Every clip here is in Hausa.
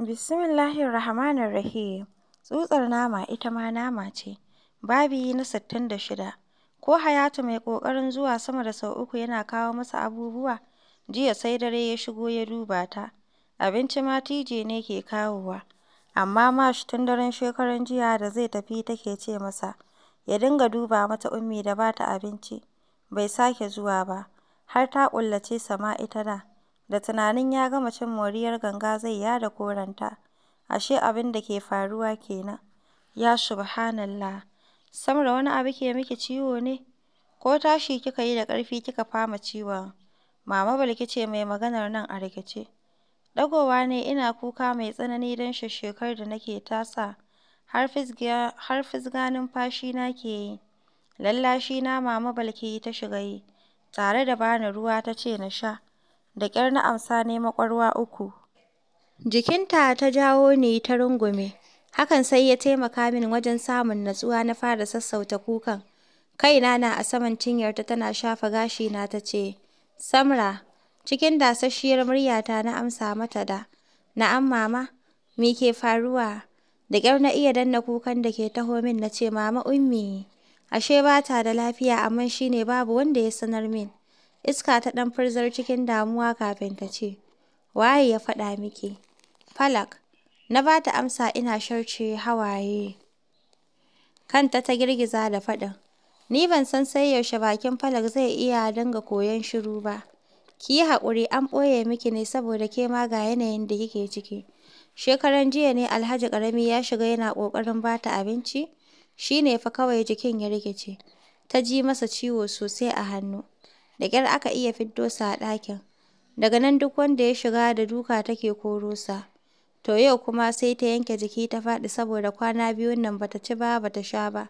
Rahim. Tsutsar nama ita ma nama ce. Babi na 66. Ko hayatu mai ƙoƙarin zuwa sama da sau uku yana kawo masa abubuwa? Jiya sai dare ya shigo ya duba ta. Abinci ma tije ne ke kawowa. Amma shi tun daren shekaran jiya da zai tafi take ce masa ya dinga duba mata Ummi da bata abinci. Bai sake zuwa ba, har ta ƙullace sama ita da. da tunanin ya gama cin moriyar ganga zai yada koranta, ashe abin da ke faruwa kenan, ya subhanallah, Samra wani abu ke miki ciwo ne? Ko tashi kika yi da ƙarfi kika fama ciwon? Mama Balki ce mai maganar nan a rikice. Dagowa ne ina kuka mai tsanani don shekarar da nake tasa har fisga na ke yi. Lallashi na Mama Balki ta shiga yi, tare da bani ruwa ta ce na sha. Da ƙyar na amsa ne makwarwa uku. Jikinta ta jawo ni ta rungume. Hakan sai ya taimaka min wajen samun natsuwa na fara sassauta kukan. Kaina na a saman cinyarta tana shafa gashi na ta ce, Samra, cikin dasasshiyar muryata na amsa mata da, Na'am mama, me ke faruwa? Da ƙyar na iya danna kukan da ke taho min na ce, Mama Ummi, ashe ba ta da lafiya amma shi ne babu wanda ya sanar min. Iska ta ɗan furzar cikin damuwa kafin ta ce, "Waye ya faɗa miki?" "Falak," na bata amsa ina sharce hawaye. Kanta ta girgiza da faɗin, "Ni ban san sai yaushe bakin Falak zai iya dinga koyon shiru ba. Ki yi haƙuri an ɓoye miki ne saboda ke ma ga yanayin da kike ciki. Shekaran jiya ne Alhaji ƙarami ya shiga yana ƙoƙarin bata abinci, shi ne fa kawai jikin ya rikice, ta ji masa ciwo sosai a hannu. Da kyar aka iya fiddo sa a ɗakin. Daga nan duk wanda ya shiga da duka take koro sa. To yau kuma sai ta yanke jiki ta faɗi saboda kwana biyun nan bata ci ba bata sha ba.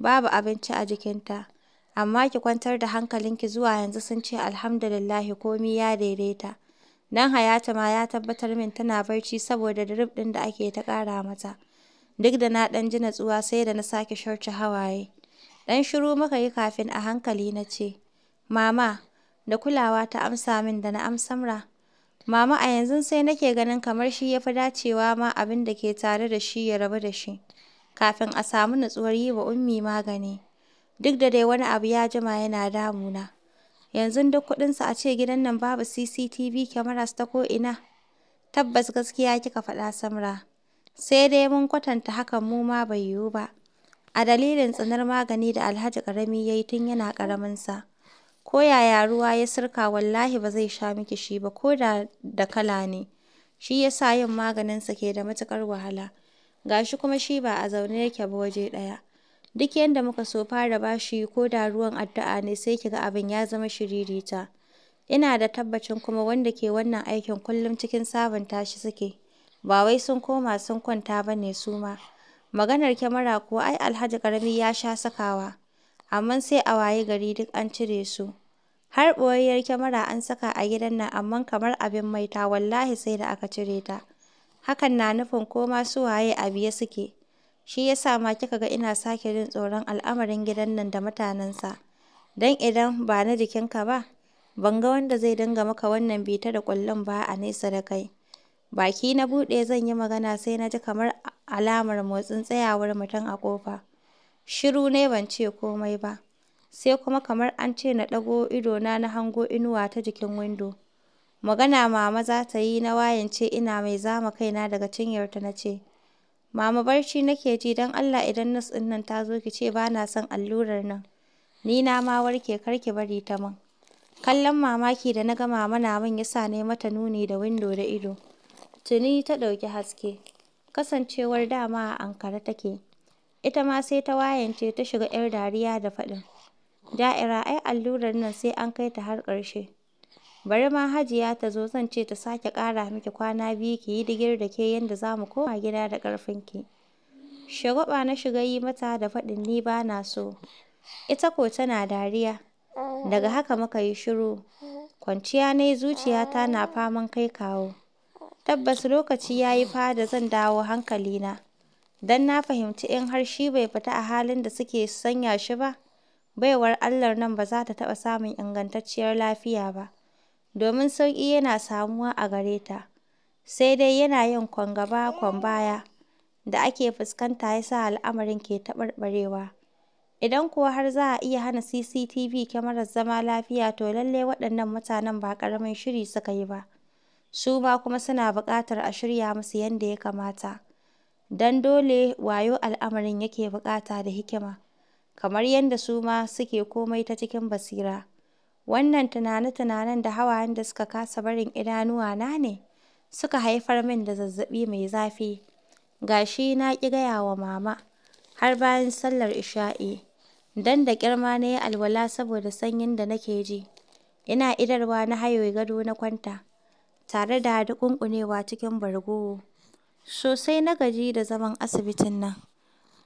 Babu abinci a jikinta. Amma ki kwantar da hankalinki zuwa yanzu sun ce alhamdulillahi komi ya daidaita. Dan Hayatu ma ya tabbatar min tana barci saboda drip ɗin da ake ta ƙara mata. Duk da na ɗan ji natsuwa sai da na sake sharci hawaye. Ɗan shiru muka yi kafin a hankali na ce, Mama, da kulawa ta amsa min da na amsamra. Mama a yanzu sai nake ganin kamar shi ya fi dacewa ma abin da ke tare da shi ya rabu da shi, kafin a samu nutsuwar yi wa Ummi magani. Duk da dai wani abu ya jima yana damuna. Yanzu duk kuɗinsa a ce gidan nan babu CCTV cameras ta ko'ina. Tabbas gaskiya kika faɗa Samra. Sai dai mun kwatanta hakan mu ma bai yiwu ba. A dalilin tsanar magani da Alhaji ƙarami ya yi tun yana ƙaraminsa. Ko yaya ruwa ya sirka wallahi ba zai sha miki shi ba ko da da kala ne, shi ya sa yin maganinsa ke da matukar wahala, ga shi kuma shi ba a zaune yake ba waje ɗaya, duk yanda muka so fara bashi ko da ruwan addu'a ne sai ki ga abin ya zama shiririta. Ina da tabbacin kuma wanda ke wannan aikin kullum cikin sabunta shi suke, ba wai sun koma sun kwanta ba ne su ma. Maganar kyamara ko ai Alhaji karami ya sha sakawa. amma sai a waye gari duk an cire su. Har ɓoyayyiyar kyamara an saka a gidan nan amma kamar abin maita wallahi sai da aka cire ta. Hakan na nufin ko ma su waye a biye suke. Shi ya sa ma kika ga ina sake jin tsoron al'amarin gidan nan da mutanensa. Don idan ba na jikinka ba, ban ga wanda zai dinga maka wannan bita da ƙullun ba a nesa da kai. Baki na buɗe zan yi magana sai na ji kamar alamar motsin tsayawar mutum a ƙofa. Shiru ne ban ce komai ba, sai kuma kamar an ce na ɗago idona na hango inuwa ta jikin windo. Magana Mama za ta yi na wayance ina mai zama kaina daga cinyar ta na ce, Mama barci nake ji don Allah idan nas ɗin nan ta zo ki ce ba na son allurar nan, ni na ma warke kar ki bari ta man Kallon mamaki da na ga Mama na min ya sa ne mata nuni da windo da ido. Tuni ta ɗauki haske, kasancewar dama a ankara take. Ita ma sai ta wayance ta shiga 'yar dariya da faɗin, Da'ira ai allurar nan sai an kai ta har ƙarshe, bari ma Hajiya ta zo zan ce ta sake ƙara miki kwana biyu ki yi digir da ke yadda za mu koma gida da ƙarfinki. Shagwaɓa na shiga yi mata da faɗin ni ba na so. Ita ko tana dariya. Daga haka muka yi shiru. Kwanciya na yi zuciya ta na faman kai kawo. Tabbas lokaci ya yi fa da zan dawo hankalina. Don na fahimci in har shi bai fita a halin da suke sanya shi ba, baiwar allah nan ba za ta taɓa samun ingantacciyar lafiya ba, domin sauƙi yana samuwa a gare ta, sai dai yana yin kwan baya da ake fuskanta ya sa al'amarin ke taɓarɓarewa. Idan kuwa har za a iya hana CCTV kyamarar zama lafiya to lallai waɗannan mutanen ba ƙaramin shiri suka yi ba, su ba kuma suna buƙatar a shirya musu yadda ya kamata. don dole wayo al'amarin yake buƙata da hikima, kamar yadda su ma suke komai ta cikin basira. Wannan tunane-tunanen da hawayen da suka kasa barin idanuwana ne suka haifar min da zazzaɓi mai zafi. Ga shi na ƙi gaya wa Mama, har bayan sallar isha'i, don da ƙirma na yi alwala saboda sanyin da nake ji. Ina idarwa na hayo gado na kwanta, tare da duƙunƙunewa cikin bargo. Sosai na gaji da zaman asibitin nan,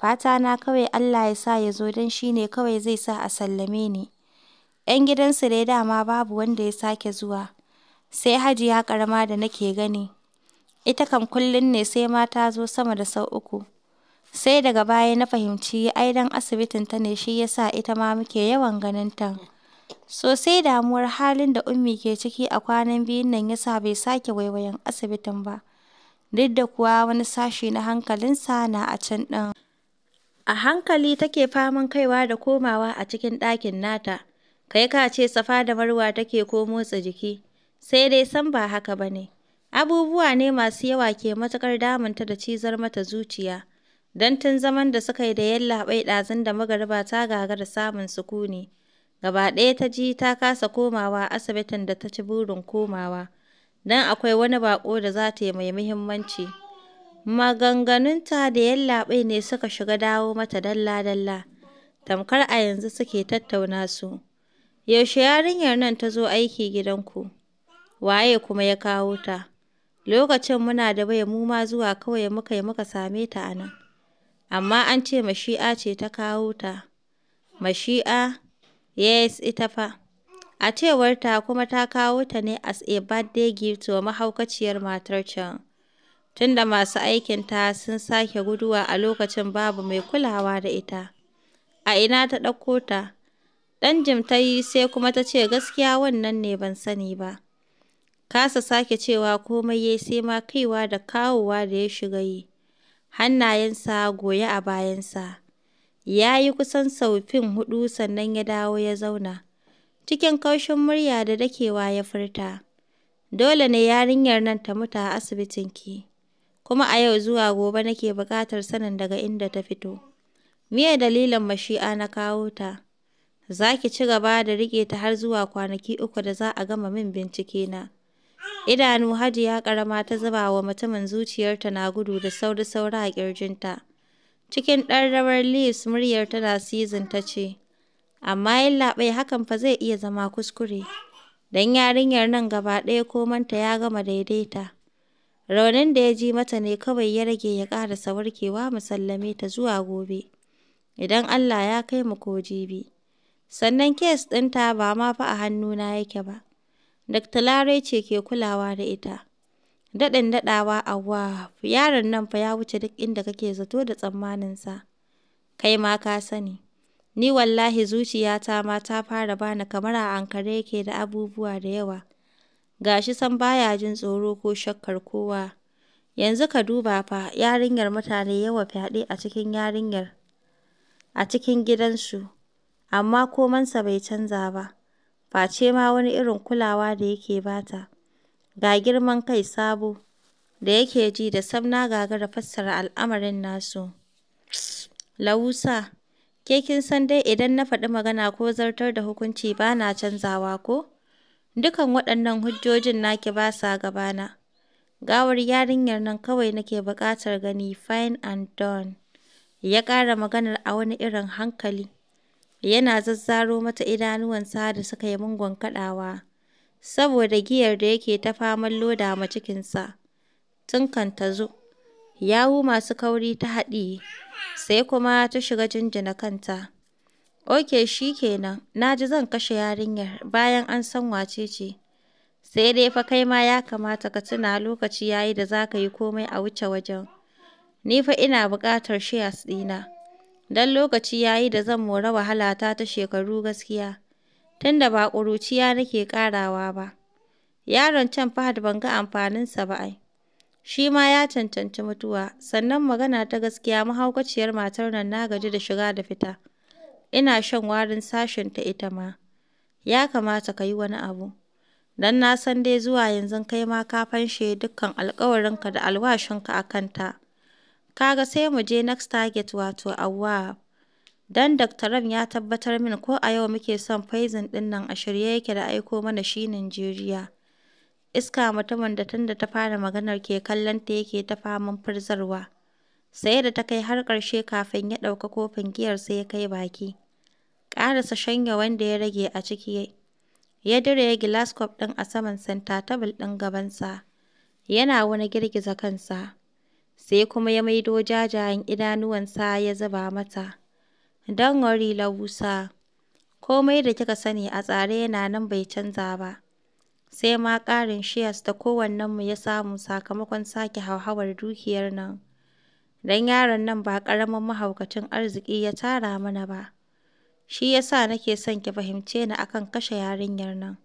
fatana kawai Allah ya sa ya zo don shi ne kawai zai sa a sallame ni. ‘Yan gidansu dai dama babu wanda ya sake zuwa, sai Hajiya karama da nake gani, ita kam kullum ne sai mata zo sama da sau uku. Sai daga baya na fahimci ai asibitin ta ne shi ya sa ita ma muke yawan ganin ta Sosai damuwar halin da Ummi ke ciki a kwanan biyun nan ya sa bai sake waiwayen asibitin ba. duk da kuwa wani sashi na hankalinsa na a can ɗin. A hankali take faman kaiwa da komawa a cikin ɗakin nata, kai ka ce safa da marwa take ko motsa jiki, sai dai san ba haka ba ne. Abubuwa ne masu yawa ke matuƙar damunta da cizar mata zuciya, don tun zaman da suka yi da yallaɓai ɗazun da magariba ta da samun sukuni. Gaba ɗaya ta ji ta kasa komawa asibitin da ta ci burin komawa. don akwai wani baƙo da za ta yi mai muhimmanci. Maganganunta da yallaɓai ne suka shiga dawo mata dalla-dalla, tamkar a yanzu suke tattauna su. Yaushe yarinyar nan ta zo aiki gidanku? Waye kuma ya kawo ta? Lokacin muna da bai mu ma zuwa kawai muka yi muka same ta a nan. Amma an ce Mashi'a ce ta kawo ta. Mashi'a? Yes, ita fa. A cewarta kuma ta kawo ta ne as a birthday gift wa mahaukaciyar matar can, Tunda masu masu aikinta sun sake guduwa a lokacin babu mai kulawa da ita, a ina ta ɗauko ta, ɗan jim ta yi sai kuma ta ce gaskiya wannan ne ban sani ba, kasa sake cewa komai ya sai ma kaiwa da kawowa da ya shiga yi, hannayensa goye a bayansa, ya yi kusan sau fin huɗu sannan ya dawo ya zauna. Cikin kaushin murya da dakewa ya furta, "Dole ne yarinyar nan ta mutu a asibitin ki. kuma a yau zuwa gobe nake buƙatar sanin daga inda ta fito, miye dalilin mashi'a na kawo ta, za ki ci gaba da riƙe ta har zuwa kwanaki uku da za a gama min bincike na Idanu Hajiya ƙarama ta zuba wa mutumin zuciyarta na gudu da sauri saura a ƙirjinta, cikin ɗan rawar leaves muryar tana sizin ta ce. Amma yallaɓai hakan fa zai iya zama kuskure, don yarinyar nan gaba ɗaya komanta ya gama daidaita, raunin da ya ji mata ne kawai ya rage ya ƙarasa warkewa mu sallame ta zuwa gobe, idan Allah ya kai mu ko jibi. Sannan kes ɗinta ba ma fa a hannuna yake ba, Dr. Larai ce ke kulawa da ita. Daɗin daɗawa Awwaf, yaron nan fa ya wuce duk inda kake zato da tsammaninsa, kai ma ka sani. Ni wallahi zuciyata ma ta fara bani kamar a ankare yake da abubuwa da yawa, ga shi sam baya jin tsoro ko shakkar kowa, yanzu ka duba fa yarinyar mutane yawa fyaɗe a cikin yarinyar a cikin gidansu, amma komansa bai canza ba, face ma wani irin kulawa da yake bata ga girman kai sabo da yake ji da sam gagara fassara al'amarin nasu. Lawusa Ke kin san dai idan na faɗi magana ko zartar da hukunci ba na canzawa ko? Dukan waɗannan hujjojin naki ba sa gabana. Gawar yarinyar nan kawai nake buƙatar gani fine and done. Ya ƙara maganar a wani irin hankali. Yana zazzaro mata idanuwansa da suka yi mungon kaɗawa. Saboda giyar da yake ta faman loda ma cikinsa. Tun kan ta zo. Yawu masu kauri ta haɗiye. sai kuma ta shiga jinjina kanta. Ok shi kenan, na ji zan kashe yarinyar bayan an san wace ce. Sai dai fa kai ma ya kamata ka tuna lokaci ya yi da za ka yi komai a wuce wajen. Ni fa ina buƙatar shares ɗina. Don lokaci ya yi da zan mora wahalata ta shekaru gaskiya. Tunda ba ƙuruciya nake ƙarawa ba. Yaron can Fahad ban ga amfaninsa ba ai. shi ma ya cancanci mutuwa. Sannan magana ta gaskiya mahaukaciyar matar nan na gaji da shiga da fita. Ina shan warin ta ita ma. Ya kamata ka yi wani abu. Dan na san dai zuwa yanzu kai ma ka fanshe dukkan alkawarinka da alwashinka a kanta. Kaga sai mu je next target wato awwa. Dan daktaran ya tabbatar min ko a yau muke son faizin ɗinnan nan a shirye yake da aiko mana shi Nijeriya. Iska mutumin da tun da ta fara maganar ke kallon ta yake ta faman farzarwa. Sai da ta kai har ƙarshe kafin ya ɗauka kofin giyarsa ya kai baki. Ƙarasa shanya wanda ya rage a ciki ya dire gilas kwaf ɗin a saman santa tabul ɗin gabansa. Yana wani girgiza kansa. Sai kuma ya maido jajayen idanuwansa ya zuba mata. Don wari lausa. komai da kika sani a tsare yana nan bai canza ba. sai ma ƙarin shares da kowannenmu ya samu sakamakon sake hauhawar dukiyar nan. Don yaron nan ba ƙaramin mahaukacin arziki ya tara mana ba. Shi ya sa nake son ki fahimce ni akan kashe yarinyar nan.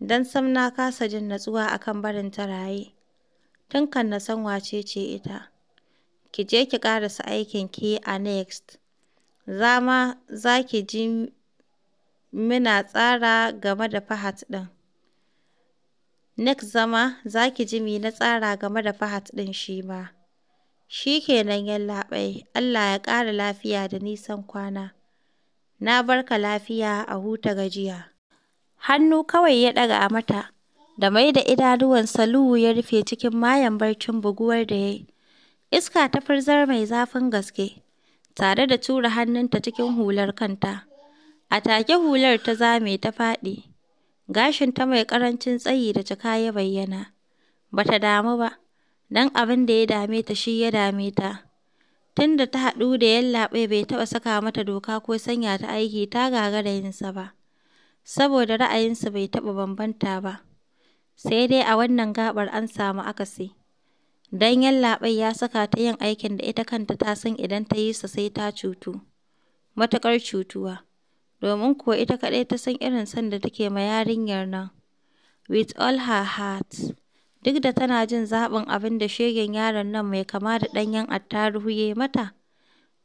Don sam na kasa jin natsuwa akan barin ta raye. Tun kan na san wace ce ita. Ki je ki ƙarasa aikin ki a next. Zama za ki ji mina tsara game da fahat ɗin. Nick zama za ki ji me na tsara game da Fahad ɗin shi ma. Shi ke nan yallaɓai, Allah ya ƙara lafiya da nisan kwana. Na barka lafiya a huta gajiya. Hannu kawai ya ɗaga a mata, da mai da idanuwan saluwu ya rufe cikin mayan barcin buguwar da ya Iska ta firzar mai zafin gaske, tare da tura hannunta cikin hular kanta. A take hular ta zame ta faɗi. Gashinta mai ƙarancin tsayi da cika ya bayyana. Ba ta damu ba, don abin da ya dame ta shi ya dame ta. Tun da ta haɗu da Yallaɓai bai taɓa saka mata doka ko sanya ta aiki ta da yinsa ba, saboda ra'ayinsa bai taɓa bambanta ba. Sai dai a wannan gaɓar an samu akasi. Don Yallaɓai ya saka ta yin aikin da ita kanta ta san idan ta yi sa sai ta cutu, matuƙar cutuwa. domin kuwa ita kaɗai ta san irin son da take ma yarinyar nan with all her heart, duk da tana jin zaɓin abin da shegen yaron nan mai kama da ɗanyen attaruhu ya yi mata,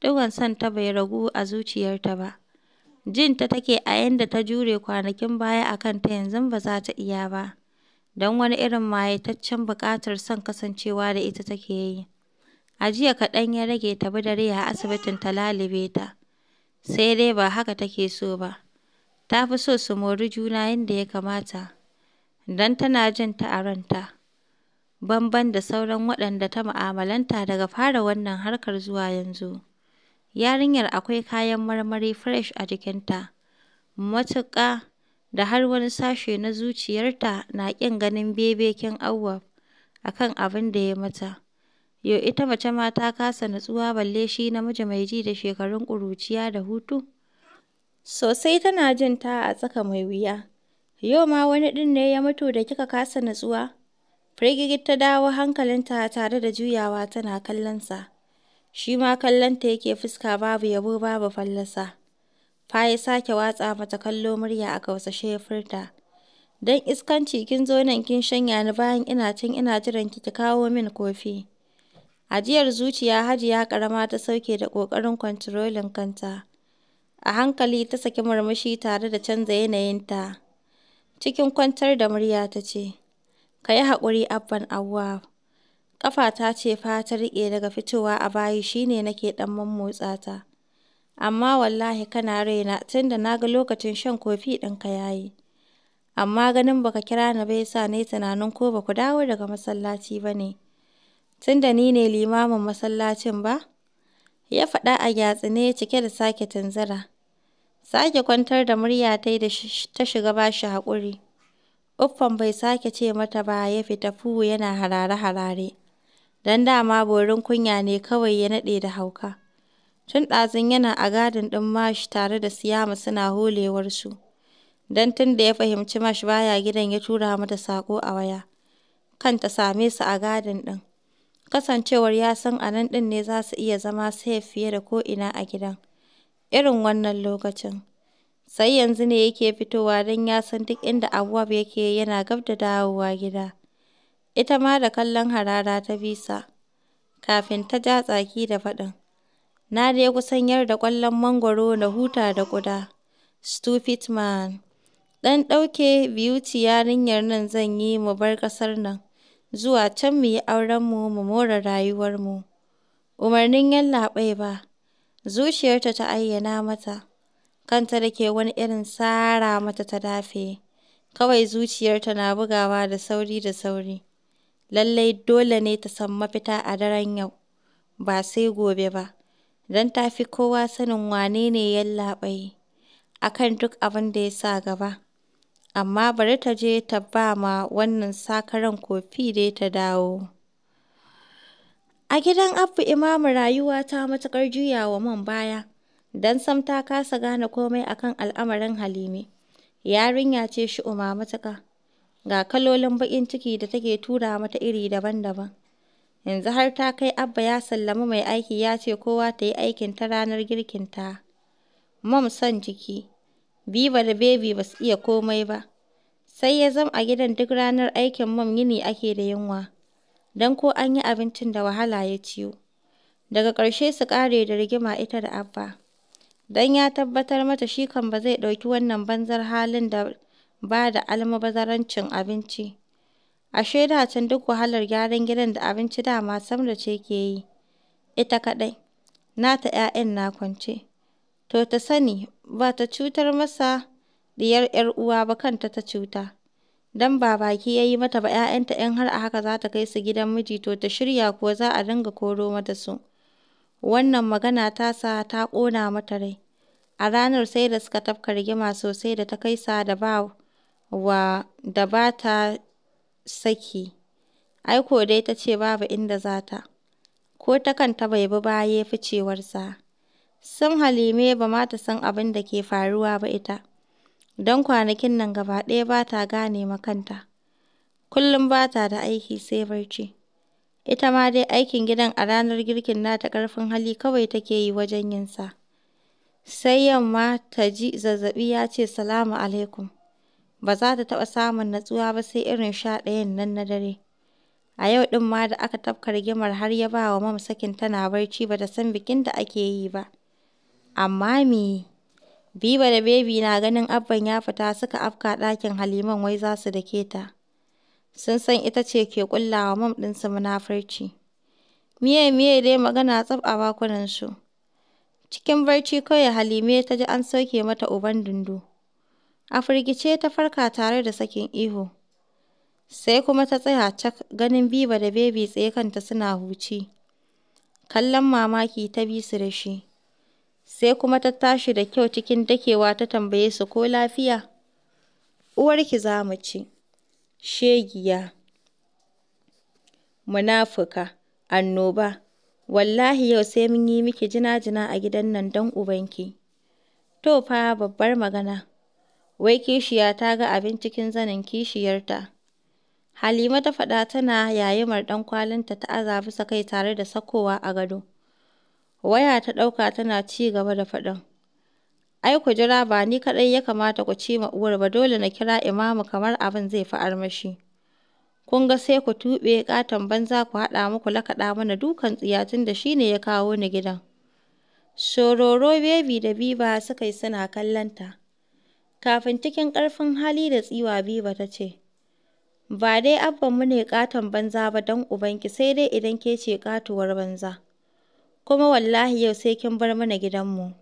ɗigon son ta bai ragu a zuciyarta ba. Jin ta take a yanda ta jure kwanakin baya a kanta yanzu ba za ta iya ba, don wani irin mayataccen buƙatar son kasancewa da ita take yi. A jiya kaɗan ya rage ta bi dare a asibitin ta lalibe ta. sai dai ba haka take so ba, ta fi so su mori juna yadda ya kamata, don tana jin ta a ranta, bamban da sauran waɗanda ta ma'amalanta daga fara wannan harkar zuwa yanzu. Yarinyar akwai kayan marmari fresh a jikinta, matuƙa da har wani sashe na zuciyarta na ƙin ganin bebekin Auwal a kan abin da ya mata. Yau ita mace ma ta kasa nutsuwa balle shi namiji mai ji da shekarun ƙuruciya da hutu. Sosai tana jin ta a tsaka mai wuya. Yau ma wani ɗin ne ya mutu da kika kasa nutsuwa? Firgigit ta dawo hankalinta tare da juyawa tana kallonsa. Shi ma kallonta yake fuska babu yabo babu fallasa. Fa ya sake watsa mata kallo murya a kausashe ya furta. Don iskanci kin zo nan kin shanya ni bayan ina can ina jiran ki ki kawo min kofi. Ajiyar zuciya Hajiya ƙarama ta sauke da ƙoƙarin kwantarolin kanta, a hankali ta saki murmushi tare da canza yanayinta, cikin kwantar da murya ta ce, “Ka yi haƙuri Abban Ƙafa ƙafata ce fa ta riƙe daga fitowa a bayi shine nake ɗan motsa ta, amma wallahi kana raina tunda na ga lokacin shan kofi ɗinka ya yi, amma ganin baka kira ni ba ya sa ni tunanin ko ba ku dawo daga masallaci ba ne. tun da ni ne limamin masallacin ba,” ya faɗa a ne cike da sake tunzura, sake kwantar da murya ta yi da ta shiga ba shi haƙuri. uffan bai sake ce mata ba ya fita fuhu yana harare-harare, don dama borin kunya ne kawai ya naɗe da hauka. Tun ɗazun yana a gadin ɗin Mash tare da Siyama suna holewarsu, don tun da ya fahimci Mash baya gidan ya tura mata saƙo a waya, kan ta same su a gadin ɗin. Kasancewar ya san a nan ɗin ne za su iya zama safe fiye da ko'ina a gidan, irin wannan lokacin, sai yanzu ne yake fitowa don ya san duk inda Abwab yake yana gab da dawowa gida, ita ma da kallon harara ta bisa, kafin ta ja tsaki da faɗin, na dai kusan yar da ƙwallon mangwaro na huta da ƙuda, stupid man, ɗan ɗauke biyuci, yarinyar nan zan yi mu bar ƙasar nan. zuwa can mu yi aurenmu mu more rayuwarmu. Umarnin yallaɓai ba, zuciyarta ta ayyana mata, kanta da ke wani irin tsara mata ta dafe, kawai zuciyarta na bugawa da sauri da sauri. Lallai dole ne ta san mafita a daren yau, ba sai gobe ba, don ta fi kowa sanin wane ne yallaɓai a kan duk abin da ya sa gaba. Amma bari ta je ta ba ma wannan sakaran kofi dai ta dawo. A gidan Abba Imamu rayuwa ta matuƙar juya wa man baya, don sam ta kasa gane komai a kan al'amarin Halime. Yarinya ce shi shu'uma matuƙa, ga kalolin baƙin ciki da take tura mata iri daban-daban. Yanzu har ta kai Abba ya sallami mai aiki ya ce kowa ta yi aikin ta ranar girkinta. mam son jiki. Viva da Baby ba su iya komai ba, sai ya zama a gidan duk ranar aikin mam yini ake da yunwa, don ko an yi abincin da wahala ya ciyo. Daga ƙarshe su ƙare da rigima ita da Abba, don ya tabbatar mata shi kan ba zai ɗauki wannan banzar halin da ba da almabazarancin abinci. Ashe da can duk wahalar gyaran gidan da abinci dama Samra ce ke yi, ita kaɗai, nata 'ya'yan na kwance. to ta sani ba ta cutar masa diyar 'yar uwa ba kanta ta cuta. don ba baki ya yi mata ba 'ya'yanta 'yan har a haka za ta kai su gidan miji to ta shirya kuwa za a dinga koro mata su. Wannan magana ta sa ta ƙona mata rai. A ranar sai da suka tafkar gima sosai da ta kai sa da ba wa da ba ta saki. Aiko dai ta ce babu inda za ta. Ko ta kanta bai bi ba ya fi cewarsa. Sam Halime ba ma ta san abin da ke faruwa ba ita, don kwanakin nan gaba ɗaya ba ta gane ma kanta, kullum ba ta da aiki sai barci. Ita ma dai aikin gidan a ranar girkin nata ƙarfin hali kawai take yi wajen yin sa. Sai yamma ta ji zazzaɓi ya ce salamu alaikum. Ba za ta taɓa samun natsuwa ba sai irin sha ɗayan nan na dare. A yau ɗin ma da aka tafka rigimar har ya ba wa Mam sakin tana barci ba ta san bikin da ake yi ba. Amma me, Biba da Baby na ganin Abban ya fita suka afka ɗakin Haliman wai za su dake ta. Sun san ita ce ke ƙulla wa mam ɗinsu munafurci. Miye miye dai magana tsaf a su. Cikin barci kawai Halime ta ji an soke mata uban dundu. A firgice ta farka tare da sakin ihu. Sai kuma ta tsaya cak ganin Biba da Baby tsaye kanta suna huci. Kallon mamaki ta bi su da shi. sai kuma ta tashi da kyau cikin dakewa ta tambaye su ko lafiya. Uwarki za mu ci, shegiya, munafuka, annoba, wallahi yau sai mun yi miki jina-jina a gidan nan don ubanki. To fa babbar magana, wai kishiya ta ga abin cikin zanen kishiyarta. Halima ta faɗa tana yayimar ɗan kwalinta ta aza bisa kai tare da sakowa a gado. waya ta ɗauka tana ci gaba da faɗin, ai ku jira ba ni kaɗai ya kamata ku ci ma uwar ba dole na kira Imamu kamar abin zai fi armashi. Kun ga sai ku tuɓe ƙaton banza ku haɗa muku lakaɗa mana dukan tsiya da shi ne ya kawo ni gidan. Sororo bebi da Biba suka yi suna kallonta. Kafin cikin ƙarfin hali da tsiwa Biba ta ce, Ba dai abban mu ne ƙaton banza ba don ubanki sai dai idan ke ce ƙatuwar banza. kuma wallahi yau sai kin bar mana gidanmu.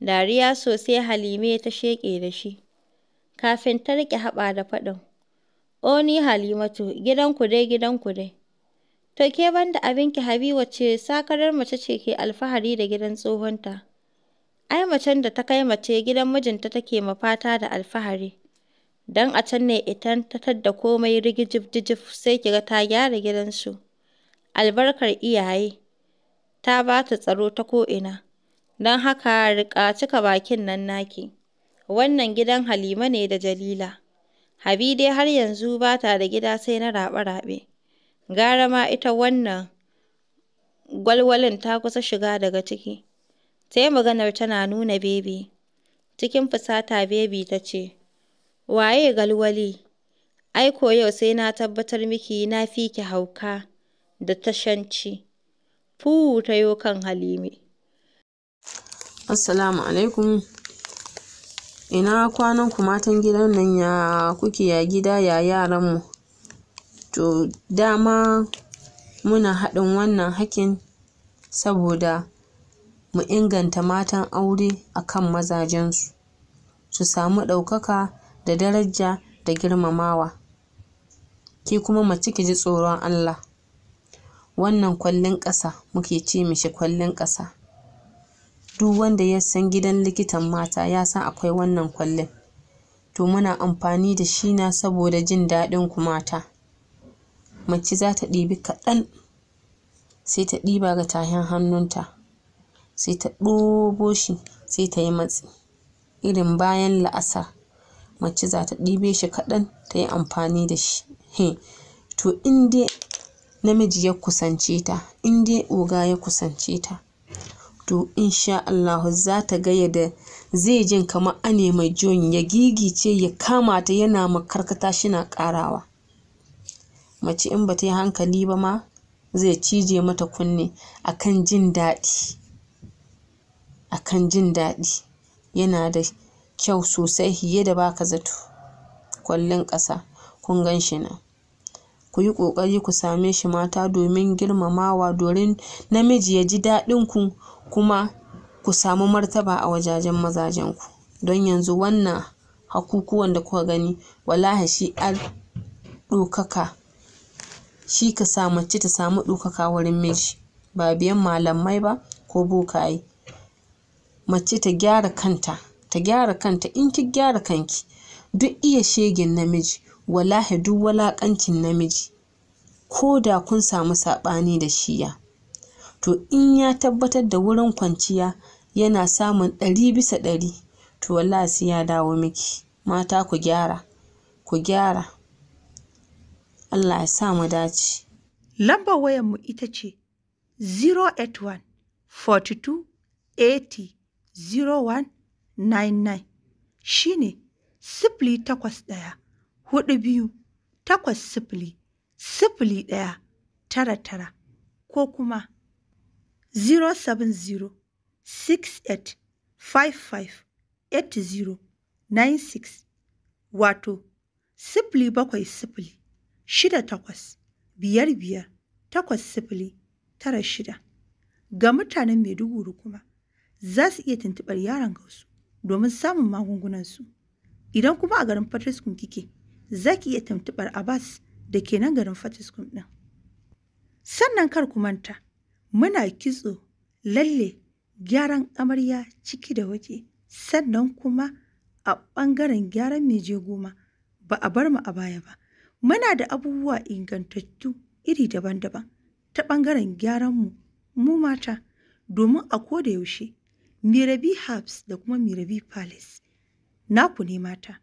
Dariya sosai Halime ta sheƙe da shi, kafin ta riƙe haɓa da faɗin. O ni Halimatu, gidanku dai gidanku dai. To ke banda abinki Habiba ce sakarar mace ce ke alfahari da gidan tsohonta. Ai macen da ta kai mace gidan mijinta take mafata da alfahari. Dan a can ne itan ta tadda komai rigijif-dijif sai kiga ta gyara gidansu. Albarkar iyaye. ta ba ta tsaro ta ko'ina, don haka riƙa cika bakin nan naki. Wannan gidan Halima ne da Jalila. Habi dai har yanzu ba ta da gida sai na raɓe-raɓe. Gara ma ita wannan gwalwalin ta kusa shiga daga ciki. Sai maganar tana nuna Bebi. Cikin fusata Bebi ta ce, Waye galwali? Ai ko yau sai na tabbatar miki na fi ki hauka da tashanci. fuhu ta kan Halime. Assalamu alaikum. Ina kwanan ku matan gidan nan ya kuke ya gida ya yaran mu. To dama muna haɗin wannan hakin saboda mu inganta matan aure a kan mazajensu su samu ɗaukaka da daraja da girmamawa. Ki kuma mace ki ji tsoron Allah. wannan kwallon ƙasa muke ce mishi kwallon ƙasa duk wanda ya san gidan likitan mata ya san akwai wannan kwallon to muna amfani da shi na saboda jin daɗin ku mata mace za ta ɗibi kaɗan sai ta ɗiba ga tahin hannunta sai ta ɗobo shi sai ta yi matsi irin bayan la'asar mace za ta ɗibe shi kaɗan ta yi amfani da shi to in dai namiji ya kusance ta in dai oga ya kusance ta to insha Allah za ta ga yadda zai jin kamar ane mai juyin ya gigice ya kama ta yana makarkata shi na karawa mace in ba ta yi hankali ba ma zai cije mata kunne akan jin daɗi akan jin daɗi yana da kyau sosai fiye da baka zato kwallon ƙasa kun gan shi nan ku yi ƙoƙari ku same shi mata domin girmamawa domin namiji ya ji daɗin ku kuma ku samu martaba a wajajen mazajen ku don yanzu wannan hakukuwan da kuka gani wallahi shi an ɗaukaka shi ka sa mace ta samu ɗaukaka wurin miji ba biyan malamai ba ko bokaye mace ta gyara kanta ta gyara kanta in ki gyara kanki duk iya shegin namiji wallahi duk walaƙancin namiji ko da kun samu saɓani da shiya to in ya tabbatar da wurin kwanciya yana samun ɗari bisa ɗari to wallahi sai ya dawo miki mata ku gyara ku gyara Allah ya sa mu dace lambar wayar mu ita ce 081 42 80 0199 shine sifili takwas ɗaya huɗu biyu takwas sifili sifili ɗaya tara tara ko kuma 070 96 wato sifili bakwai sifili shida takwas biyar biyar takwas sifili tara shida ga mutanen maiduguri kuma za su iya tuntuɓar yaron gausu domin samun magungunansu idan kuma a garin patriskun kike za ki iya tuntuɓar Abbas da ke nan garin Fatiskum ɗin. Sannan kar ku manta, muna kitso, lalle, gyaran amarya ciki da waje, sannan kuma a ɓangaren gyaran meje goma ba a bar mu a baya ba. Muna da abubuwa ingantattu iri daban-daban ta ɓangaren gyaranmu mu mata domin a koda yaushe Mirabi Herbs da kuma Mirabi Palace. Naku ne mata.